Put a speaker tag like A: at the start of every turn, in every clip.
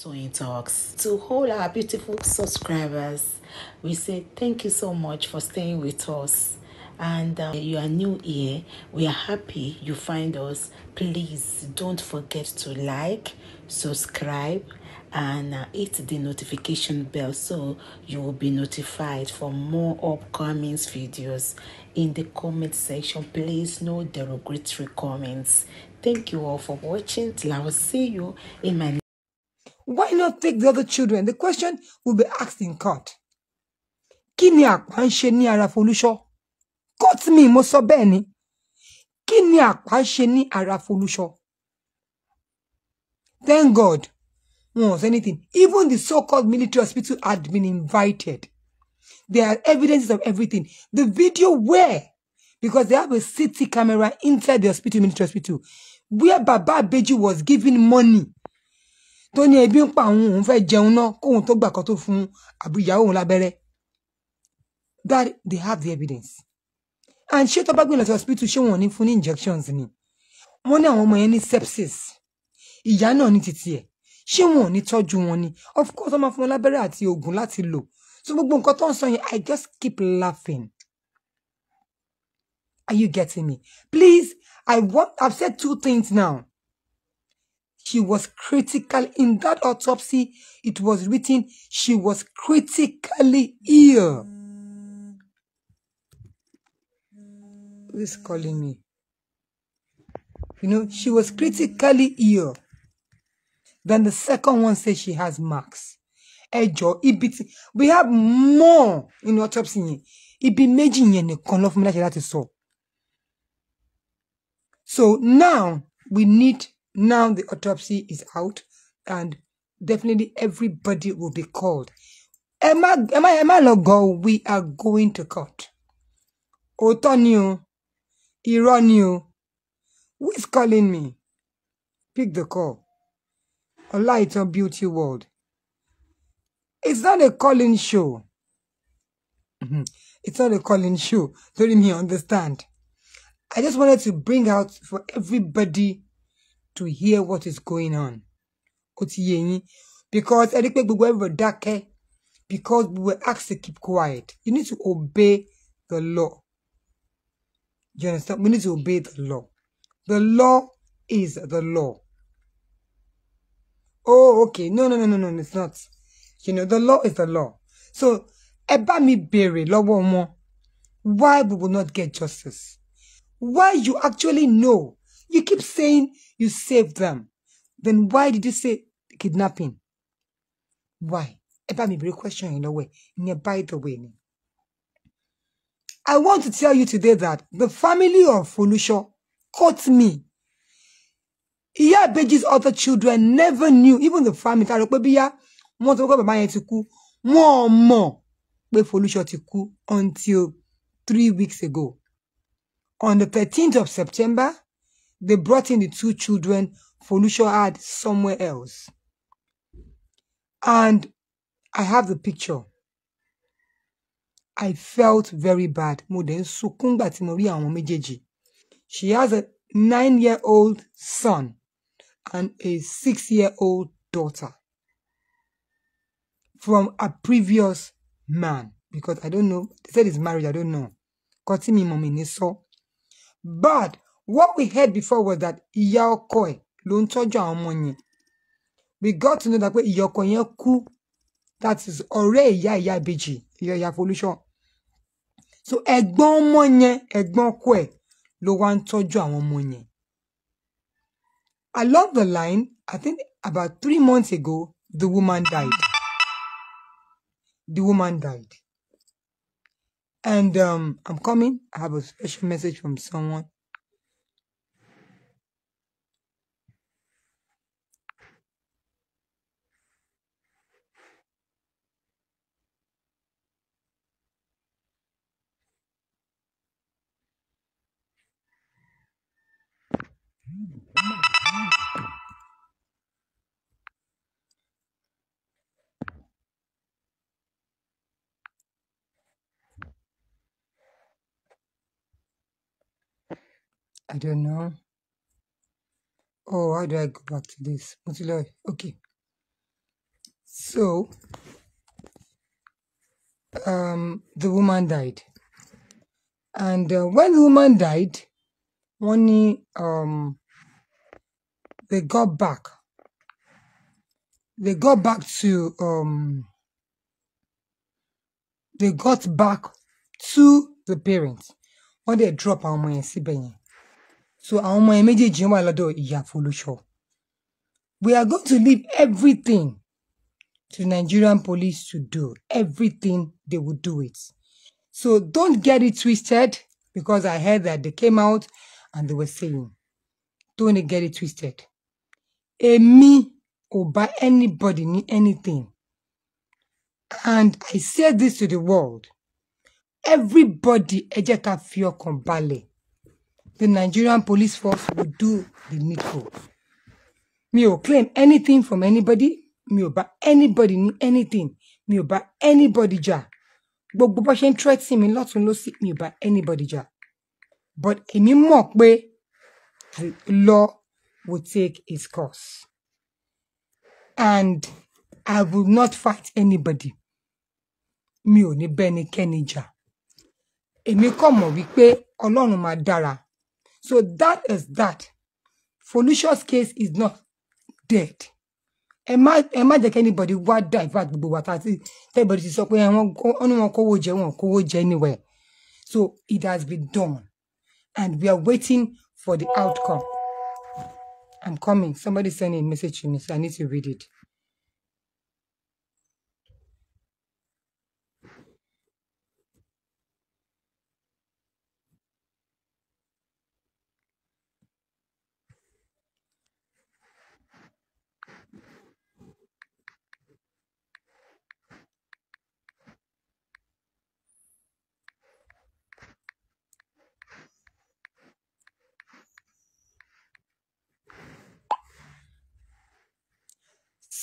A: Toyeen Talks. To all our beautiful subscribers, we say thank you so much for staying with us. And uh, you are new here, we are happy you find us. Please don't forget to like, subscribe, and uh, hit the notification bell so you will be notified for more upcoming videos in the comment section please no derogatory comments thank you all for watching till i will see you in my why not take the other children? The question will be asked in court. Kí ni ní ara Court mi mo sọ bẹ́ẹ̀ ni. Thank God, was anything. Even the so-called military hospital had been invited. There are evidences of everything. The video where, because they have a city camera inside the hospital, military hospital, where Baba Beji was giving money tó ní ebi ń pa òun òun fẹ́ jẹun náà kóun tó gbà kan tó fún àbúyàwó òun lábẹ́rẹ́ that they have the evidence and ṣé tó bá gbé lọ sí hospital ṣé wọn ò ní fún ní injections ni wọn ní àwọn ọmọ yẹn ní sepsis ìyá náà ní títí ẹ̀ ṣé wọn ò ní tọ́jú wọn ni of course wọn máa fún wọn lábẹ́rẹ́ àti oògùn láti lò so gbogbo nǹkan tó ń sọ yẹn i just keep laughing are you getting me please i want i've said two things now she was critical. In that autopsy, it was written she was critically ill. Who is calling me? You know, she was critically ill. Then the second one says she has marks. Ejo, ibiti. We have more in autopsy yẹn. Ibi méjì yẹn nìkan ló fún mi láti sọ. So now we need now the autopsy is out and definitely everybody will be called. Am I, am I, am I logo? We are going to court. Otonio, Iranio, who is calling me? Pick the call. A light on beauty world. It's not a calling show. Mm-hmm. it's not a calling show. Don't me understand. I just wanted to bring out for everybody to hear what is going on because everybody because we were asked to keep quiet you need to obey the law you understand we need to obey the law the law is the law oh okay no no no no no it's not you know the law is the law so ẹ bá mi béèrè lọ́wọ́ why we will not get justice why you actually know you keep saying you saved them. Then why did you say kidnapping? Why? Eba me bere question in a way. In a the way. I want to tell you today that the family of Folusho caught me. Iya Beji's other children never knew, even the family. Ta rò pé bíyá wọ́n tó kọ́ bàbá yẹn ti kú. Folusho until three weeks ago. On the 13th of September they brought in the two children Folusho had somewhere else. And I have the picture. I felt very bad. Mo dẹ̀ ń She has a nine-year-old son and a six-year-old daughter from a previous man because I don't know. They said he's marriage. I don't know. Continue, mommy. So, but what we heard before was that ìyá ọkọ ẹ̀ ló We got to know that pé ìyá ọkọ That is ya ya ìyá ya ya ìyá Folúṣọ. So ẹ̀gbọ́n money ẹ̀gbọ́n ọkọ ẹ̀ ló wá ń àwọn Along the line, I think about three months ago, the woman died. The woman died. And um, I'm coming. I have a special message from someone. I don't know. Oh, how do I go back to this? Okay. So, um, the woman died. And uh, when the woman died, money. um, they got back. They got back to, um, they got back to the parents. when they drop our money. yẹn so àwọn ọmọ yẹn méjèèjì wà lọ́dọ̀ ìyá Folúṣọ. we are going to leave everything to the Nigerian police to do everything they will do it so don't get it twisted because I heard that they came out and they were saying don't get it twisted èmi ò bá anybody ní anything and I say this to the world everybody ẹ jẹ́ ká fi ọkàn balẹ̀ the Nigerian police force will do the needful. Me will claim anything from anybody. Me will buy anybody anything. Me will buy anybody jà. Gbogbo bó ṣe ń threaten mi lots lọ́sì mi ò buy anybody jà. But èmi mock, pé the law will take its course. And I will not fight anybody. Mi ò ní bẹ́nikẹ́ni jà. Èmi kọ̀ mọ̀ wípé Ọlọ́run máa dára. So that is that. Felicia's case is not dead. Am I ẹ anybody wá divert gbogbo wa ta ti everybody ti sọ pé wọ́n ní wọn kówó jẹ wọn kówó anywhere so it has been done and we are waiting for the outcome I'm coming somebody sent a message to me so I need to read it.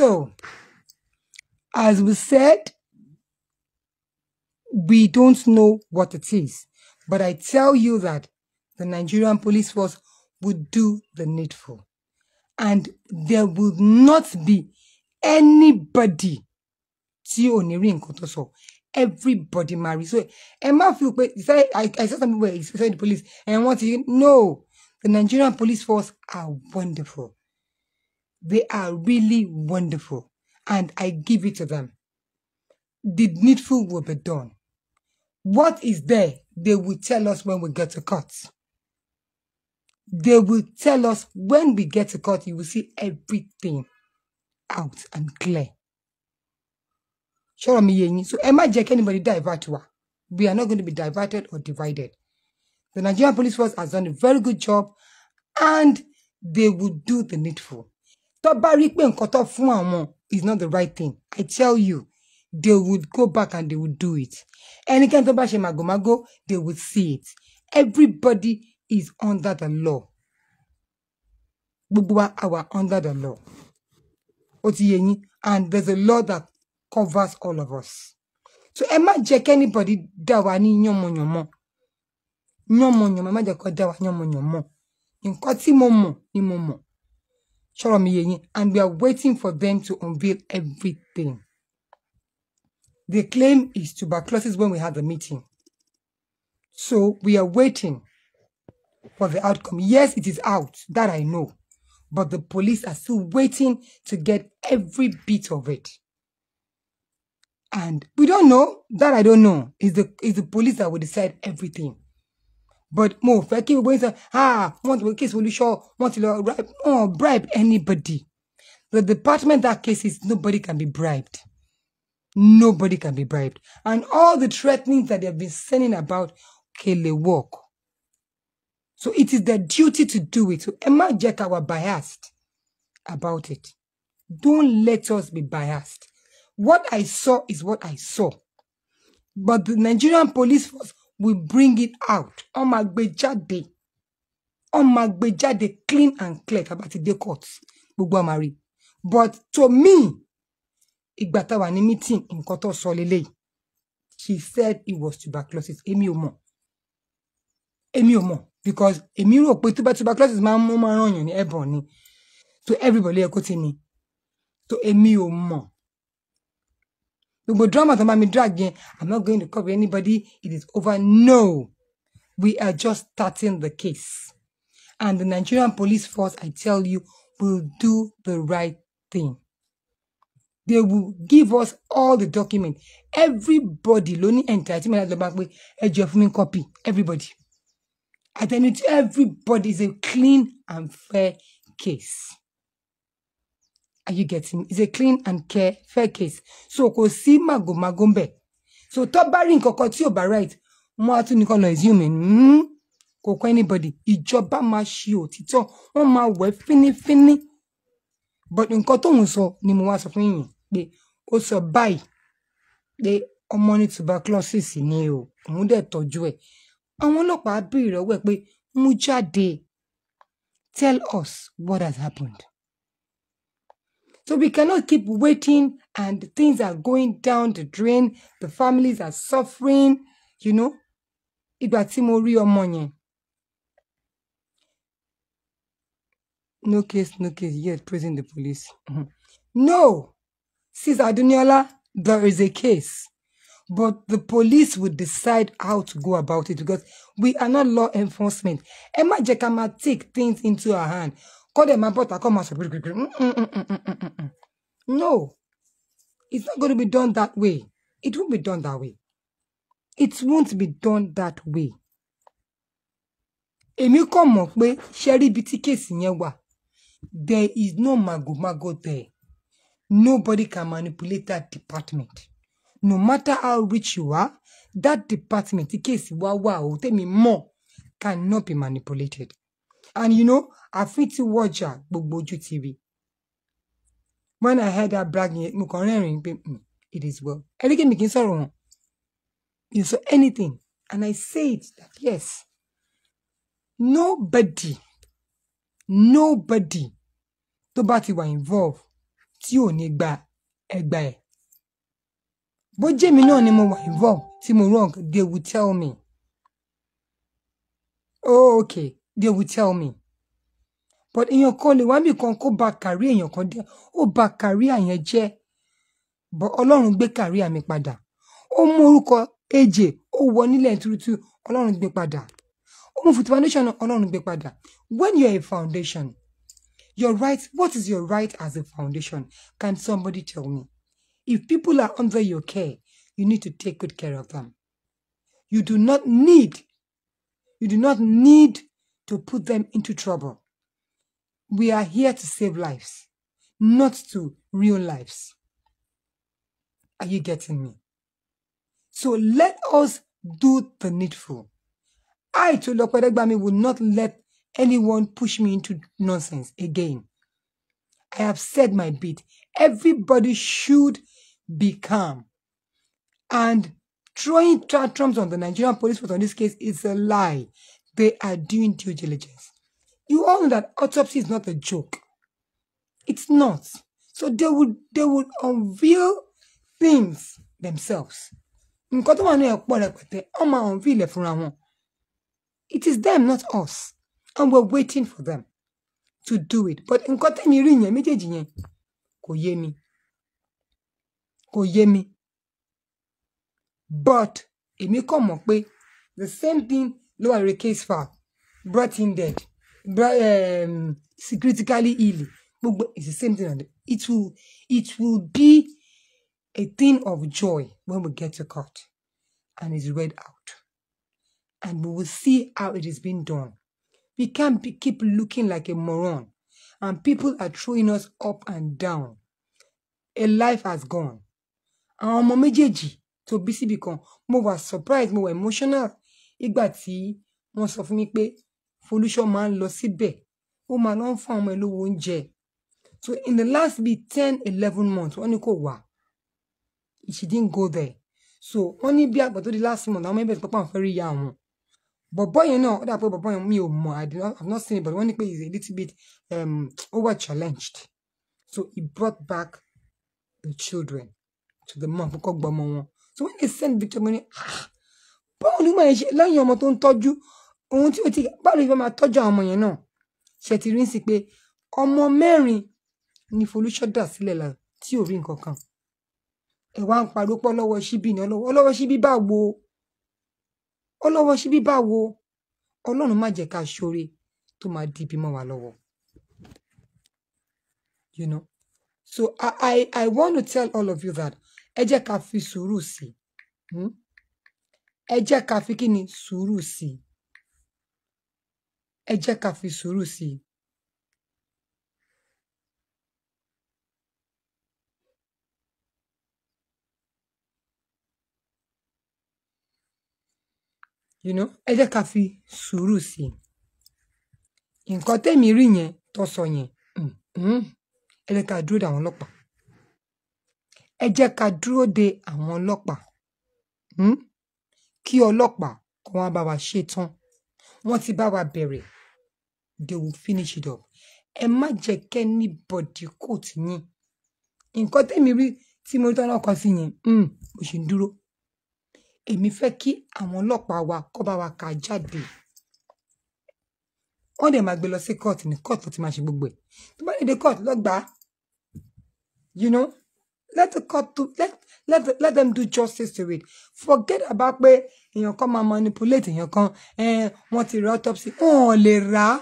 A: So, as we said, we don't know what it is. But I tell you that the Nigerian police force would do the needful. And there will not be anybody tí ò ní rí sọ everybody marry so ẹ I feel? pé I saw some people the police and want to no the Nigerian police force are wonderful they are really wonderful, and I give it to them. The needful will be done. What is there, they will tell us when we get to court. They will tell us when we get to court, you will see everything out and clear. So Emma Jack, anybody divert to her. We are not going to be diverted or divided. The Nigerian Police Force has done a very good job and they will do the needful. tó bá rí pé nǹkan tó fún àwọn is not the right thing i tell you they would go back and they would do it ẹnikẹ́ni tó bá ṣe màgòmágó they would see it everybody is under the law gbogbo wa under the law ó ti yé yín and there's a law that covers all of us so ẹ má jẹ́ kí anybody dá wa ní yànmọ̀yànmọ̀ yànmọ̀yànmọ̀ ẹ má jẹ́ kó dá wa yànmọ̀yànmọ̀ nǹkan tí mo mọ̀ ni mo mọ̀. and we are waiting for them to unveil everything. The claim is tuberculosis when we had the meeting. So we are waiting for the outcome. Yes, it is out, that I know. But the police are still waiting to get every bit of it. And we don't know, that I don't know. Is the, is the police that will decide everything but more, fẹ́ kí gbogbo yín sọ ah want ti case will you ti want to bribe anybody the department that case is nobody can be bribed nobody can be bribed and all the threatenings that they have been sending about kele work so it is their duty to do it so Emma Jack, jẹ́ biased about it don't let us be biased what I saw is what I saw but the Nigerian police force will bring it out on máa gbé on wọ́n máa clean and clear tá a bá ti dé court gbogbo àmà but to me ìgbà tá a meeting in tó sọ lélẹ́yìí she said it was tuberculosis Emi Omo, Emi Omo because Emi rò pé tuberculosis máa ń mú máa ń ràn yàn ní ẹ̀bọ̀n ni so everybody yẹ kó ti ní so èmi ò gbogbo drama tó máa drag again. i i'm not going to cover anybody it is over no we are just starting the case and the nigerian police force i tell you will do the right thing they will give us all the document everybody ló ní entitlement láti lọ bá pé ẹ jọ fún copy everybody you, everybody is a clean and fair case. Are you getting me? It's a clean and care, fair case. So kò sí màgòmágó ń bẹ̀. So tó bá rí nǹkan kan tí ò bá right, wọ́n á tún ní kọ́ lọ assume ẹ̀ hmm? kò kọ́ anybody. Ìjọba máa ṣe òtítọ́, wọ́n máa wẹ̀ fínífíní. But nǹkan tóun sọ ni mo wá sọ fún yìnyín pé ó sọ báyìí pé ọmọ ní tuberculosis ni o, òun dẹ̀ tọ́jú ẹ̀. Àwọn ọlọ́pàá béèrè lọ́wọ́ ẹ̀ pé mú tell us what has happened. So we cannot keep waiting and things are going down the drain. The families are suffering, you know. Ìgbà tí mo No case, no case yet, praising the police. Mm-hmm. no, Sis Aduniola, there is a case. But the police will decide how to go about it because we are not law enforcement. Emma Jekama take things into her hand. Call them and butter, come and say, no, it's not going to be done that way. It won't be done that way. It won't be done that way. If you come up with rí ibi There is no mago there. Nobody can manipulate that department. No matter how rich you are, that department the case, wow, wow, tell me more, cannot be manipulated. And you know, I tí to watch ojú ti rí. When I heard that bragging yẹn, mo hmm, it is well. Ẹnikẹ́ni kì í You saw anything and I said that yes, nobody, nobody nobody were involved tí ò ní gba ẹgbà ẹ̀. Bó jẹ́mi náà ni mo wà involved tí mo wrong, they will tell me. Oh, okay. they will tell me. But èèyàn kan lè wá mi go back career in your condition? Oh, back career kàrí your jẹ́ but ọlọ́run gbé career make padà Oh, mú AJ, oh, one ó wọ two tuurutu ọlọ́run gbé padà ó mú fùtù foundation with gbé padà when you are a foundation your right what is your right as a foundation can somebody tell me if people are under your care you need to take good care of them you do not need you do not need to put them into trouble. We are here to save lives, not to ruin lives. Are you getting me? So let us do the needful. I, Tolo will not let anyone push me into nonsense again. I have said my bit. Everybody should be calm. And throwing tantrums on the Nigerian police force on this case is a lie. They are doing due diligence. You all know that autopsy is not a joke. It's not. So they would they would unveil things themselves. it is them not us and we are waiting for them to do it but in tẹ̀mí rí yẹn méjèèjì yẹn kò yé kò but èmi come mọ̀ the same thing ló wà case file brought in dead brought, um, critically ill it's the same thing it will it will be a thing of joy when we get to court and it's read out and we will see how it is being done we can't be, keep looking like a moron and people are throwing us up and down a life has gone Our ọmọ méjèèjì tó bí become. More mo surprised More emotional ìgbà tí wọ́n sọ fún mi pé Folúṣọ́ máa ń lọ síbẹ̀ ó máa lọ ń ọmọ ẹ lówó so in the last be ten eleven months wọ́n ní kò wá she didn't go there so only ní bí àgbà tó di last month àwọn ọmọ ẹbẹ̀ tó pàpà fẹ́ rí ya àwọn bọ̀bọ̀ yẹn náà ó dà pé bọ̀bọ̀ yẹn I did not, I have not seen it but wọ́n is a little bit um, over challenged so he brought back the children to the mom kó gbọmọ wọn so when they send Victor money ah báwo ni màá ṣe lẹ́yìn ọmọ tó ń tọ́jú ohun tí o ti báwo ni màá tọ́jú àwọn ọmọ yẹn náà ṣe ti rí sí pé ọmọ mẹ́rin ni folúṣọ́dà sílẹ̀ là tí ò rí nǹkan kan ẹ wá ń pariwo pé ọlọ́wọ́ síbí ni ọlọ́wọ́ ọlọ́wọ́ síbí bá wo ọlọ́wọ́ síbí bá wo ọlọ́run má jẹ́ ká ṣoore tó máa di ibi mọ́ wa lọ́wọ́ you know so I I I want to tell all of you that ẹ jẹ́ ká fi sùúrù sí i. Hmm? ẹ jẹ́ ká fi kí ni sùúrù sí i ẹ jẹ́ ká fi sùúrù sí i. you know ẹ jẹ́ ká fi sùúrù sí i nǹkan tẹ́mi rí yẹn tó sọ yẹn mm-hmm. ẹ jẹ́ ká dúró de àwọn ọlọ́pàá ẹ jẹ́ ká dúró de àwọn ọlọ́pàá. Mm-hmm kí ọlọ́pàá kó wá bá wa ṣe tán wọ́n ti bá wa bẹ̀rẹ̀ they will finish it up ẹ má jẹ́ kẹ́ni bọ̀dì kò tí yín nǹkan tẹ́mi rí tí mo tọ́ náà kọ sí yẹn hmm, mo ṣì ń dúró èmi fẹ́ kí àwọn ọlọ́pàá wa kó bá wa kà jáde wọ́n dẹ̀ máa gbé lọ sí kóòtù ní kóòtù tó ti máa ṣe gbogbo ẹ̀ tó bá lè dé kóòtù lọ́gbàá you know let the court do let let let them do justice to it forget about pé èèyàn kan come manipulate èèyàn kan wọ́n ti ra autopsy wọn ò lè rà á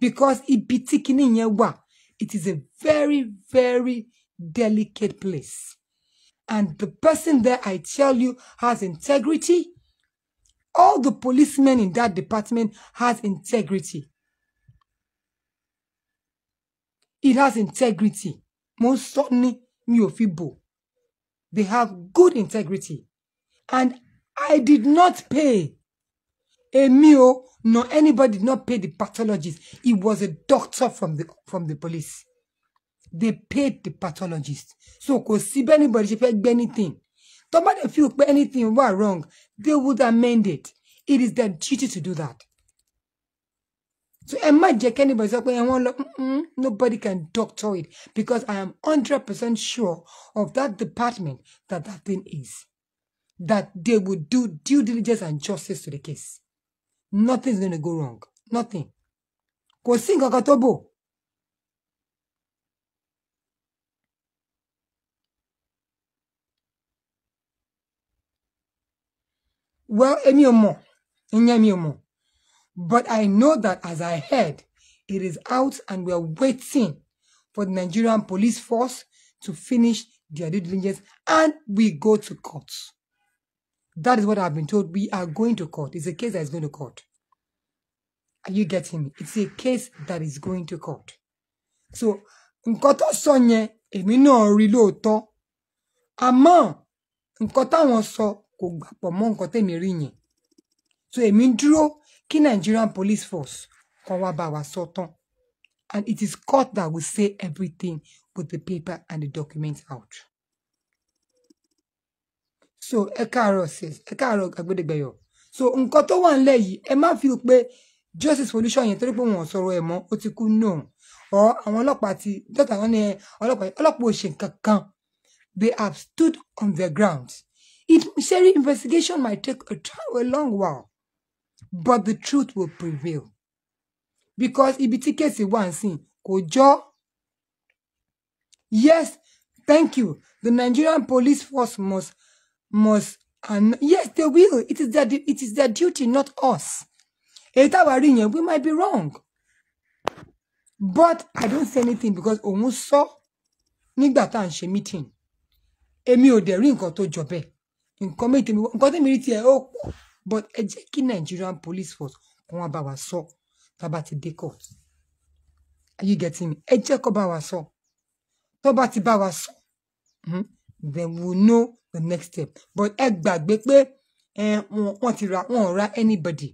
A: because ibi tí wà it is a very very delicate place and the person there I tell you has integrity all the policemen in that department has integrity it has integrity most certainly. Mio ò they have good integrity and I did not pay a mio nor anybody did not pay the pathologist it was a doctor from the from the police they paid the pathologist so kò sí anybody ṣe fẹ́ anything somebody bá feel anything wà wrong they would amend it it is their duty to do that so imagine anybody jẹ́ kẹ́nìbọ̀ sọ nobody can doctor it because I am hundred percent sure of that department that that thing is that they will do due diligence and justice to the case Nothing's gonna go wrong nothing kò sí well èmi ò mọ̀ mi but I know that as I heard, it is out and we are waiting for the Nigerian police force to finish their due diligence and we go to court. That is what I've been told. We are going to court. It's a case that is going to court. Are you getting me? It's a case that is going to court. So, nǹkan tó sọ yẹn, èmi náà rí lóòótọ́. Àmọ́, sonye So, èmi so kí Nigerian police force kan wá bá wa sọ tán and it is court that will say everything with the paper and the document out. so ẹ káàárọ̀ sis ẹ káàárọ̀ Agbẹ́dẹ̀gbẹ̀yọ̀ so nǹkan tó wà nílẹ̀ yìí ẹ má fi pé justice solution yẹn torí pé wọn sọ̀rọ̀ ẹ̀ mọ́ ó ti kú no ọ àwọn ọlọ́pàá ti dọta wọn ni ọlọ́pàá ọlọ́pàá ò ṣe nǹkan kan they have stood on their ground it ṣe investigation might take a, a long while but the truth will prevail because ibi tí kéèsì wà ń sìn kò yes thank you the Nigerian police force must must and yes they will it is their it is their duty not us èyí táwa we might be wrong but I don't say anything because almost so. nígbà tá she ń ṣe meeting èmi ò dẹ̀ rí nǹkan tó jọ bẹ́ẹ̀ nǹkan méjì nǹkan tèmi rí tiẹ̀ ó pọ̀ but ẹ jẹ́ kí Nigerian police force kàn wá bá wa sọ tá a bá ti dé court are you getting me ẹ jẹ́ kó bá wa sọ tó bá ti bá wa sọ hmm, then we will know the next step but ẹ gbàgbé pé eh, wọ́n ti ra wọ́n ra anybody